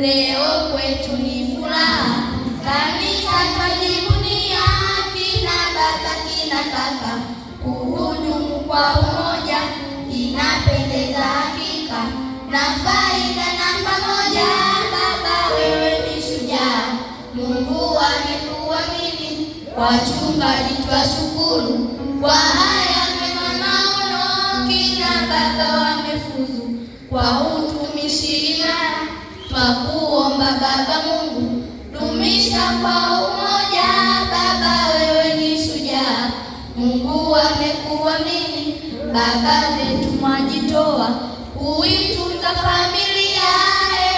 Leo kwetu ni furaha, kanisa twajivunia kina baba kina kaka, kuhudumu kwa umoja inapendeza hakika, na faida namba moja, wachungaji twashukuru kwa haya mema maono kina baba wamefuzu kwa utumishi imara, twakuomba Baba Mungu, dumisha kwa umoja. Baba wewe ni shujaa, Mungu amekuamini, baba zetu mwajitoa kuitunza familia,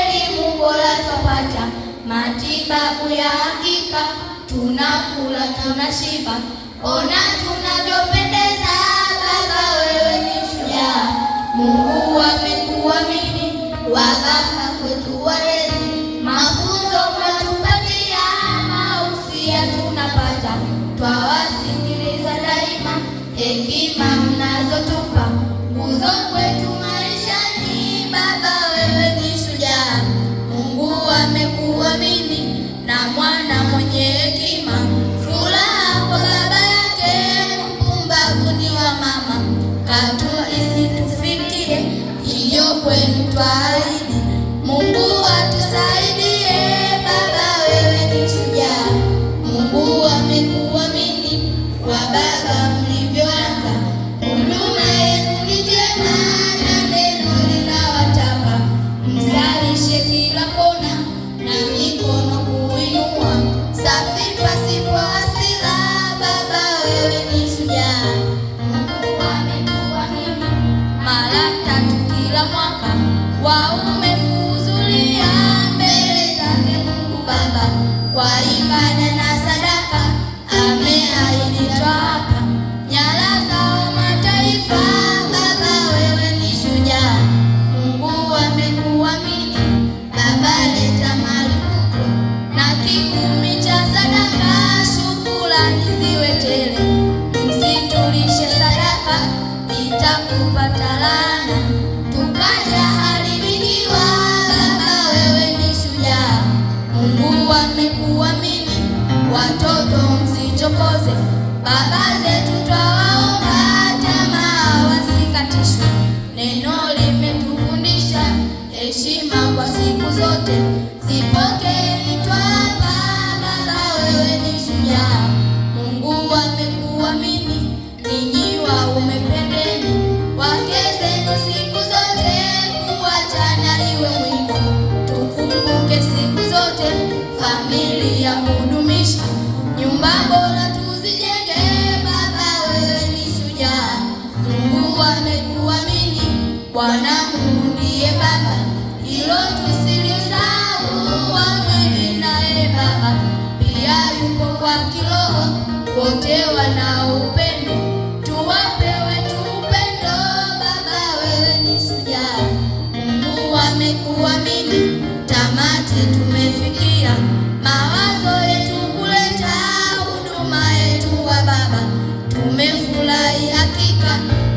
elimu bora twapata, matibabu ya hakika, tunakula tunashiba Ona tunavyopendeza, Baba, wewe ni shujaa. Mungu wa mbingu amini, wa baba kwetu walezi. Mafunzo unatupatia, mausia tunapata, twawasikiliza daima hekima zitufikie, hiyo kwenu twaahidi Mungu atusaidie. Wow, tusichokoze. Baba zetu twawaomba, tamaa wasikatishwe. Neno limetufundisha heshima kwa siku zote, zipokee. Twaba baba, wewe ni shujaa wote wana upendo, tuwape wetu upendo. Baba wewe ni shujaa, Mungu amekuamini, tamati tumefikia, mawazo yetu kuleta huduma yetu wa Baba, tumefurahi hakika.